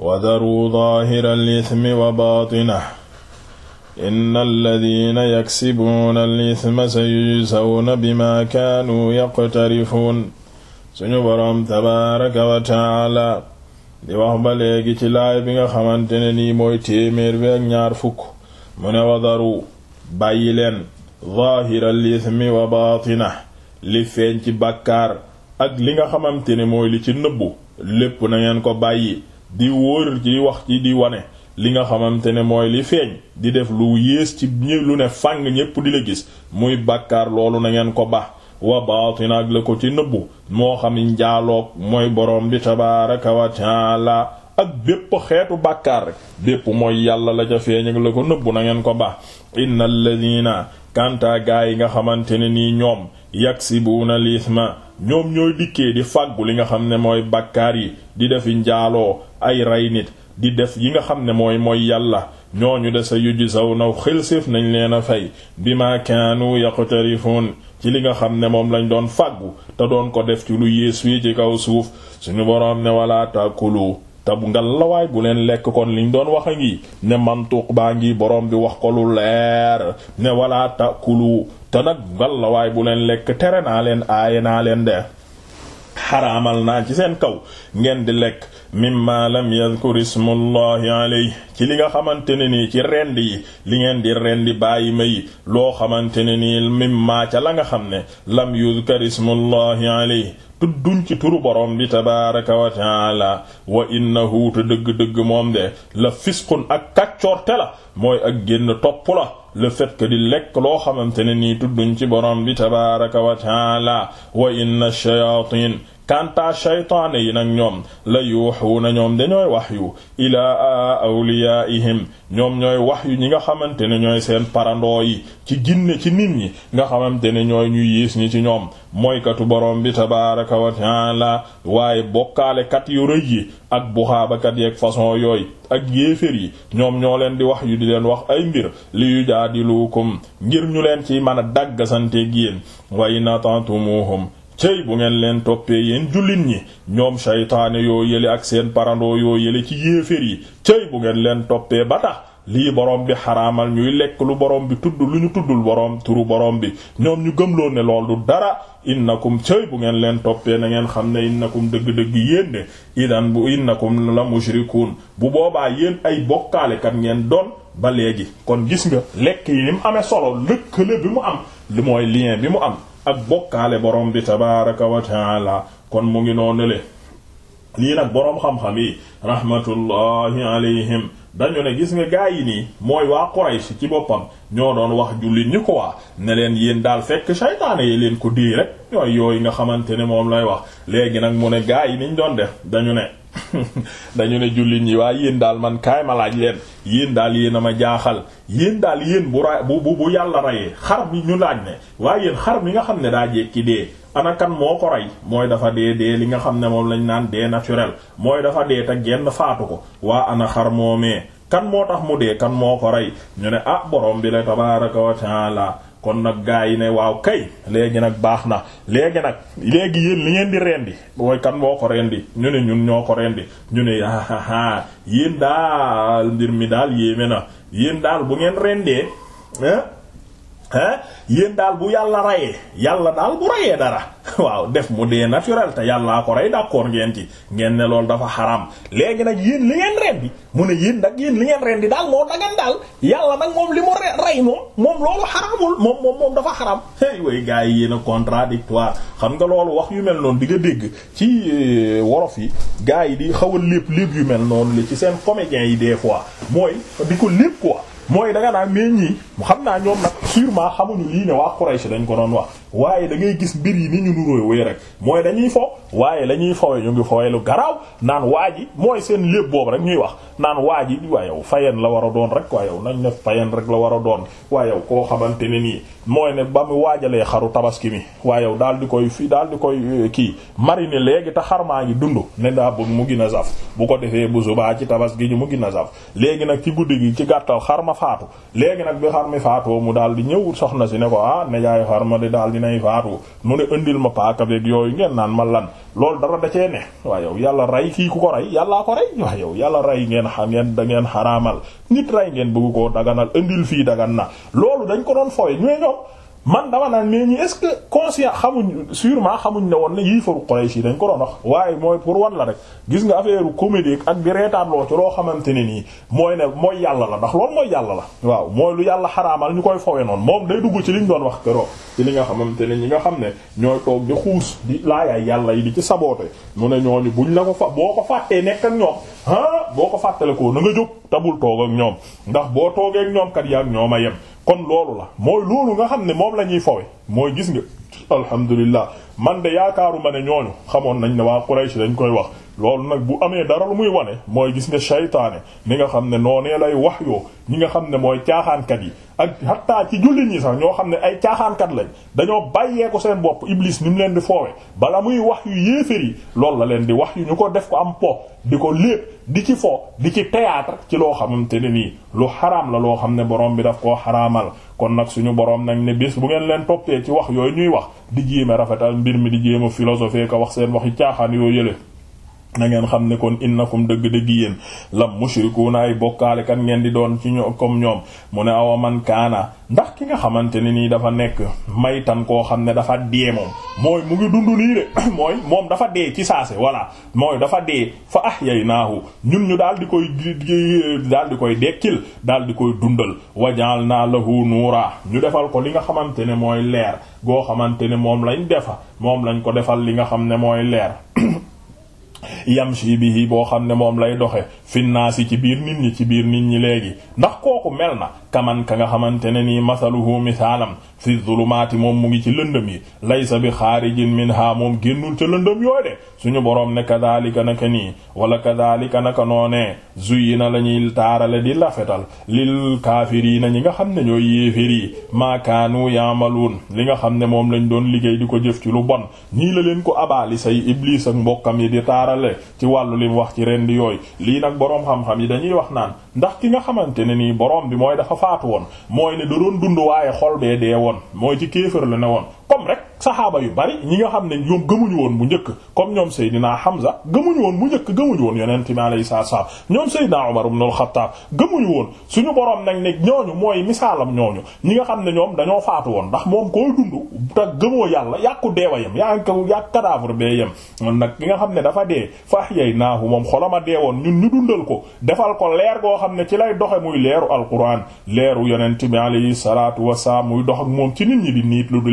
wadaruu daahira alismi wa baatinah inna alladina yaksibuuna alisma sayujsawna bima kaanuu yaqtarifuun suñu boroom tabaaraka wa taala di wax ba léegi ci laay bi nga xamante ne nii mooy téeméer bi ak ñaar fukk mu ne wadaru bàyyi leen daahira alismi wa baatinah li feeñ ci bàkkaar ak li nga xamante ne mooy li ci nëbbu lépp na ngeen ko bàyyi di wóor di wax ci di wane li nga xamante ne mooy li feeñ di def lu yées ci ñi lu ne fàng ñépp di la gis muy bàkkaar loolu na ngeen ko baax wa baatin ak la ko ci nëbbu moo xam njaaloog mooy borom bi tabaaraka wa taala ak bépp xeetu bàkkaar rek bépp mooy yàlla la ca feeñ ak la ko nëbbu na ngeen ko baax innal ladina kanta gaa yi nga xamante ne nii ñoom yaksibuuna lisma ñoom ñooy dikkee di fàggu li nga xam ne mooy bàkkaar yi di defi njaaloo ay rey di def yi nga xam ne mooy mooy yàlla ñooñu de sa yujzawna xilsif nañ leen a fay bima kaanu yaqtarifun ci li nga xam ne moom lañ doon fàggu te doon ko def ci lu yées wi ci kaw suuf suñu boroom ne wala takulu te bu ngal bu leen lekk kon li ñu doon wax a ngi ne mantuq baa ngi boroom bi wax ko lu leer ne walaata takulu te nag ngal bu leen lekk tere naa leen aaye naa leen de xaraamal naa ci seen kaw ngeen di lekk mimma lam yadhkur ismullahi alayhi ci li nga xamante ne nii ci rend yi li ngeen di rendi bàyyi ma yi loo xamante ne nii mimma ca la nga xam ne lam yadhkur ismullahi alayhi tudduñ ci turu borom bi tabaraka wa taala wa dëgg-dëgg moom de la fisqun ak kàccoorte la mooy ak génn topp la le fait que di lekk loo xamante ne nii tudduñ ci borom bi tabaraka wa taala wa inna shayatin kanta shaytaane yi nag ñoom la na ñoom dañooy wax yu ilaa awliyaihim ñoom ñooy wax yu ñi nga xamante ne ñooy seen parandoo yi ci jinne ci nit ñi nga xamante ne ñooy ñu yiis ñi ci ñoom mooykatu borom bi tabaraka wa taala waaye bokkaalekat yu rëy yi ak buxaabakat yeeg façon yooyu ak yéefér yi ñoom ñoo leen di wax yu di leen wax ay mbir li yu jaadilukum ngir ñu leen ci mën a dàgg yen yéen way natantumuhum céy bu ngeen leen toppee yéen jullit ñi ñoom saytaane yoo yële ak seen parandoo yoo yële ci yéeféer yi céy bu ngeen leen toppee ba lii borom bi xaraamal ñuy lekk lu borom bi tudd lu ñu tuddul borom turu borom bi ñoom ñu gëmloo ne lool du dara kum cëy bu ngeen leen toppee na ngeen xam ne innakum dëgg-dëgg yéen de idan bu innakum la mushrikuun bu boobaa yéen ay bokkaalekat ngeen doon ba léegi kon gis nga lekk yi ni mu amee solo lëkkale bi mu am li lien bi mu am ak bokkaale borom bi tabaaraka wa taala kon mu ngi noonu le lii nag boroom xam-xam yi rahmatullahi alayhim dañu ne gis nga gaa yi nii mooy waa Quraysh ci boppam ñoo doon wax jullit ñi ko waa ne leen yéen daal fekk saytaane yi leen ko dii rek ñooy yooyu nga xamante ne moom lay wax léegi nag mu ne gaa yi niñ doon def dañu ne dañu ne jullit ñi waaye yéen daal man kaay ma laaj leen yéen daal yéen a ma jaaxal yéen daal yéen bu ra bu bu yàlla rayee xar bi ñu laaj ne waaye yéen xar mi nga xam ne daa jekki dee ana kan moo ko rey mooy dafa dee dee li nga xam ne moom lañ naan dee naturel mooy dafa dee te genn faatu ko waa ana xar moomee kan moo tax mu dee kan moo ko rey ñu ne ah borom bi la tabaaraka wa taala kon nag gaa yi ne waaw kay léegi nag baax na léegi nag léegi yéen li ngeen di rendi mooy kan moo ko rendi ñu ne ñun ñoo ko rendi ñu ne aa ah, ah, ah, yéen daal mbir mi daal yéeme na yéen daal bu ngeen rendee eh, ah yéen daal bu yàlla rayee yàlla daal bu rayee dara waaw def mu dee naturel te yàllaa ko rey d'accord ngeen ci ngeen ne loolu dafa xaram léegi nag yéen li ngeen rendi mu ne yéen nag yéen li ngeen rendi daal moo dagan daal yàlla nag moom li mu rey moom loolu xaramul moom moom dafa xaram hey way gars yi yéen a contradictoire xam nga loolu wax yu mel noonu di nga dégg ci euh, worof yi gars yi di xaw a lépp yu mel noonu li ci seen comédiens yi des fois mooy danga naa meññ yi xam naa ñoom nag sûrement xamuñu lii ne waa Quraysh dañ ko doon wax waaye da ngay gis mbir yi ni ñu nuróowee rek mooy dañuy fo waaye la ñuy fawee ñu ngi fawee lu garaaw naan waa ji mooy seen lépp boobu rek ñuy wax naan waa ji waa yow fayeen la war a doon rek waa yow nañ ne fayeen rek la war a doon waa koo xamante ne nii mooy ne ba mu waajalee xaru tabaski mi waaye yow daal di koy fii daal di koy euh, kii marine léegi te xarmaa maa ngi dund ne daa bëgg mu gën a saf bu ko defee bu subaa ci tabaski ñu mu gën a saf léegi nag ci guddi gi ci gàttal xar ma faatu léegi nag bi xar mi faatoo mu daal di ñëw soxna si ne ko ah ne dinay faatu mu ne indil ma paaka beeg yooyu ngeen naan ma lan loolu dara de cee ne waaye yow yàlla rey kii ku ko rey yàllaa ko rey waaye yow yàlla rey ngeen xam ngeen da ngeen xaraamal nit rey ngeen bëgg koo daganal indil fii dagan na loolu dañ ko doon fooy ñooy ñoom man dama naan mais ñi est-ce que conscient xamuñ sûrement xamuñ ne woon ne yii faru Quraysh yi dañ ko doon wax waaye mooy pour wan la rek gis nga affaire comédie ak di reetaanloo ci loo xamante ne nii mooy ne mooy yàlla la ndax loolu mooy waaw mooy lu yàlla xaraamal ñu koy fowe noonu moom day dugg ci liñ doon wax këroo ci li nga xamante ne ñi nga xam ne ñooy toog di xuus di laayaay yàlla yi di ci saboote mu ne ñooñu buñ la ko fa boo ko fàttee nekk ak ñoom ah, boo ko fàttale ko na nga jóg tabul toog ak ñoom ndax boo toogee ak ñoom kat yaa ñoo ma a yem kon loolu la mooy loolu nga xam ne moom la ñuy fowe mooy gis nga alhamdulilah man de yaakaaruma ne ñooñu xamoon nañ ne waa Quraysh dañ koy wax loolu nag bu amee dara lu muy wane mooy gis nga saytaane ni nga xam ne noonee lay wax yoo ñi nga xam ne mooy caaxaankat yi ak hatta ci jullit ñi sax ñoo xam ne ay caaxaankat lañ dañoo bàyyee ko seen bopp iblis ni mu leen di foowe bala muy wax yu yéeféer yi loolu la leen di wax yu ñu ko def ko am po di ko lépp di ci fo di ci théâtre ci loo xamante ne nii lu xaraam la loo xam ne borom bi daf koo xaraamal kon nag suñu borom nag ne bés bu ngeen leen toppee ci wax yooyu ñuy wax di jéem a rafetal mbir mi di a philosophie ko wax seen waxi caaxaan yoo yële na ngeen xam ne kon innakum dëgg-dëgg yéen la mushrikuuna ay bokkaale kan ngeen di doon ci ñoom comme ñoom mu ne awa man kaana ndax ki nga xamante ne nii dafa nekk maytan koo xam ne dafa dee moom mooy mu ngi dund nii moom dafa dee voilà mooy dafa dee fa ahyaynaahu ñun ñu daal di koy daal di koy dekkil daal di koy dundal wa naa lahu nuura ñu defal ko li nga xamante ne mooy leer goo xamante ne moom lañ defa moom lañ ko defal li nga xam ne mooy leer yamshi bihi boo xam ne moom lay doxe finnaasi ci biir nit ñi ci biir nit ñi léegi ndax kooku mel na kaman ka nga xamante ne nii masaluhu misaalam fi zulumaati moom mu ngi ci lëndëm yi laysa bi xaarijin minha moom génnul ca lëndëm yooyu de suñu boroom ne kadhalika naka nii wala kadhalika naka noonee zuyina la ñuy taarale di lafetal lil kaafiriina ñi nga xam ne ñooy yéefér yi maakaanu yaamaluun li nga xam ne moom lañ doon liggéey di ko jëf ci lu bon nii la leen ko abaali say iblis ak mbokkam yi di taarale ci wàllu lim wax ci rend yooyu lii nag boroom xam-xam yi dañuy wax naan ndax ki nga xamante ne nii boroom bi mooy dafa faatu woon woon mooy ci kéefër la ne woon saxaaba yu bari ñi nga xam ne ñoom gëmuñu woon bu njëkk comme ñoom Seydina Hamza gëmuñu woon bu njëkk gëmuñu woon yonent mi alayhi salaam ñoom Seydina Umar ibn al-Khattab gëmuñu woon suñu borom nag ne ñooñu mooy misaalam ñooñu ñi nga xam ne ñoom dañoo faatu woon ndax moom koo dund te gëmoo yàlla yàqu deewa yem yaa ngi ko yàq cadavre bee yem moom nag ki nga xam ne dafa dee fahyaynahu moom ma dee woon ñun ñu dundal ko defal ko leer goo xam ne ci lay doxe muy leeru alquran leeru yonent mi alayhi salaatu wasalaam muy dox ak moom ci nit ñi di niit lu di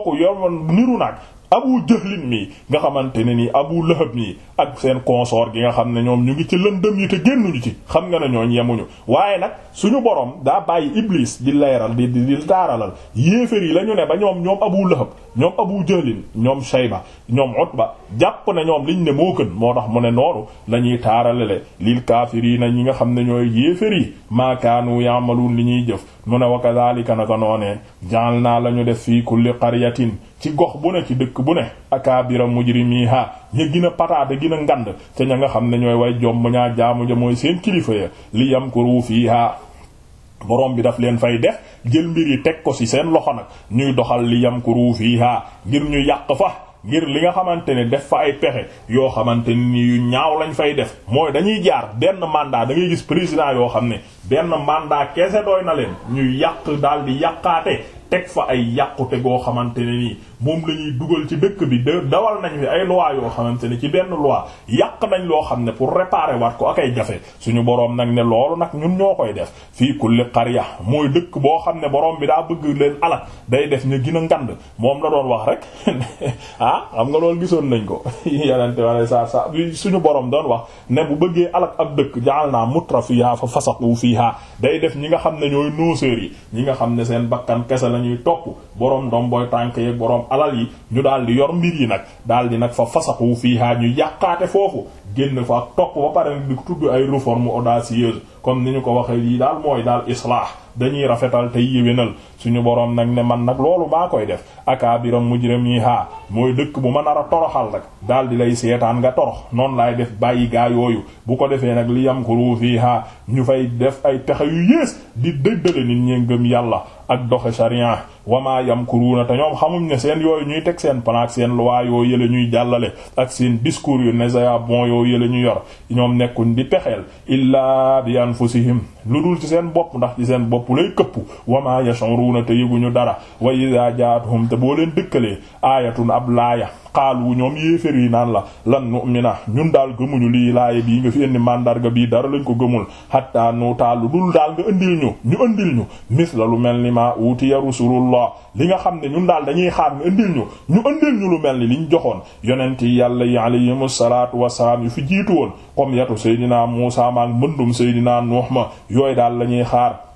kooku yoroon niru nag abu jahlin mi nga xamante ne nii abu lahab mii ak seen consort gi nga xam ne ñoom ñu ngi ci lëndëm yi te génnuñu ci xam nga ne ñooñ yemuñu waaye nag suñu boroom daa bàyyi iblis di leeral di di taaralal yéefér yi la ñu ne ba ñoom ñoom abu lahab ñoom abu jahlin ñoom shayba ñoom utba jàpp na ñoom liñ ne moo gën moo tax mu ne nooru la ñuy taaralale lil kaafiriina ñi nga xam ne ñooy yéefér yi maakaanu yaamaluun li ñuy jëf mu ne wa kadhalika naka noonee jaal naa la ñu def fii kulli qaryatin ci gox bu ne ci dëkk bu ne akabira mujrimiha ña gën a pataate gën a ngand te ña nga xam ne ñooy way jom bu ñaa jaamu ja mooy seen kilifa ya li yamkuru fiha borom bi daf leen fay def jël mbir yi teg ko ci seen loxo nag ñuy doxal li yamkuru fiha ngir ñu yàq fa ngir li nga xamante ne def fa ay pexe yoo xamante ni ñaaw lañ fay def mooy dañuy jaar benn mandat da ngay gis président yoo xam ne benn mandat kese doy na leen ñuy yàq daal di yàqaate teg fa ay yàqute goo xamante ne nii moom la ñuy dugal ci dëkk bi de dawal nañ fi ay loi yoo xamante ne ci benn loi yàq nañ loo xam ne pour réparer waat ko ak ay jafe suñu boroom nag ne loolu nag ñun ñoo koy def fii kulli qarya mooy dëkk boo xam ne borom bi daa bëgg leen alal day def ñu gën a ngand moom la doon wax rek ah xam nga loolu gisoon nañ ko yenente wala sa sa suñu boroom doon wax ne bu bëggee alal ak dëkk jaal naa mutra fiha fa fasaqu fiha biha day def ñi nga xam ne ñooy nooseur yi ñi nga xam ne seen bakkan kese la ñuy topp boroom ndomboy tànk yi boroom alal yi ñu daal yor mbir yi nag daal di nag fa fasaxu fiihaa ñu yàqaate foofu génn fa ak topp ba pare di tudd ay réforme audacieuse comme ni ñu ko waxee lii daal mooy daal islaax dañuy rafetal te yéwénal suñu boroom nag ne man nag loolu maa koy def akaabiram mujrimiha mooy dëkk bu ma nar a toroxal rek daal di lay seetaan nga torox noonu laay def bàyyi gaa yooyu bu ko defee nag li yamkuru fiha ñu fay def ay pexe yu yées di dëddale nit ñi ngëm yàlla ak doxe sharia wamaa yamkuruuna te ñoom xamuñ ne seen yooyu ñuy teg seen plan seen loi yoo yële ñuy jàllale ak seen discours yu ne bon yoo yële ñu yor ñoom nekkuñ di anfusihim lu dul ci seen bopp ndax ci seen bopp lay këpp wa ma yash'uruna te yëguñu dara wa idha ja'atuhum te boo leen dëkkalee aayatun ab laaya xaalu ñoom yéefér yi naan la lan nu'mina ñun daal gëmuñu lii laaya bii nga fi indi mandarga bii dara lañ ko gëmul hatta nu taalu dul daal nga indil ñu ñu indil ñu la lu mel ni maa utiya rusulullah li nga xam ne ñun daal dañuy xaar nga lu mel ni liñ joxoon yonent yi yàlla yi alayhimu salaatu wasalaam yu fi jiitu woon comme yatu seydinaa Muusaa maak mbëndum seydinaa Nuux ma yooyu daal lañuy xaar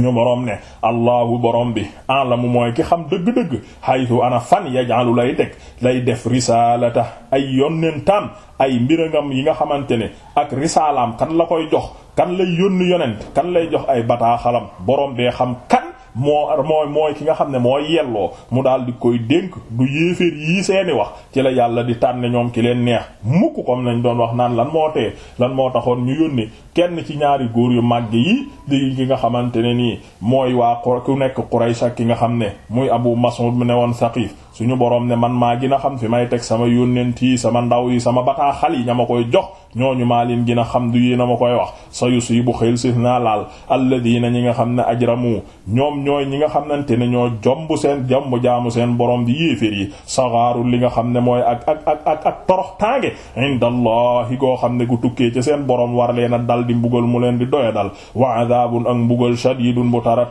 ñu boroom ne allahu boroom bi alamu mooy ki xam dëgg-dëgg haytu ana fan yajalu lay teg lay def risalata ay yonentam ay mbirangam yi nga xamante ne ak risaalaam kan la koy jox kan lay yónni yonent kan lay jox ay bataaxalam boroom bee xam kan moo mooy mooy ki nga xam ne moo yelloo mu daal di koy dénk du yéeféer yii seeni wax ci la yàlla di tànn ñoom ki leen neex mukk comme nañ doon wax naan lan moo tee lan moo taxoon ñu yónnee kenn ci ñaari góor yu màgg yi di ki nga xamante ne nii mooy waa ku nekk Quraysh ak ki nga xam ne muy Abu Mas'ud mu ne woon Saqif suñu borom ne man maa gën xam fi may teg sama yónnent yi sama ndaw yi sama bataaxal yi ña koy jox ñooñu maa leen gën a xam du yéen a ma koy wax sa yusibu xel naa laal alladina ñi nga xam ne ajramu ñoom ñooy ñi nga xamante ne ñoo jomb seen jomb jaamu seen borom di yéeféer yi li nga xam ne mooy ak ak ak ak ak torox taange indallahi goo xam ne gu tukkee ci seen borom war leen a di mbugal mu leen di doya dal wa adabun ak mbugal shadidun bu tar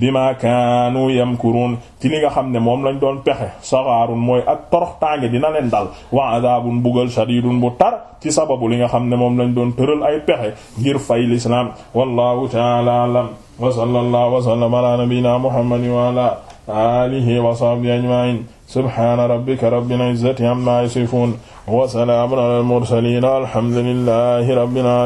bima kaanu yamkurun ci li nga xam ne moom lañ doon pexe saxaarun mooy ak toroxtaange dina leen dal wa adabun bugal shadidun bu tar ci sababu li nga xam ne moom lañ doon tëral ay pexe ngir fay lislaam wallahu ta'ala alam wa sallallahu wa sallama ala nabiyyina muhammadin wa ala alihi wa sahbihi ajma'in subhana rabbika rabbil izzati amma yasifun wa salamun ala al mursalin alhamdulillahi rabbil alamin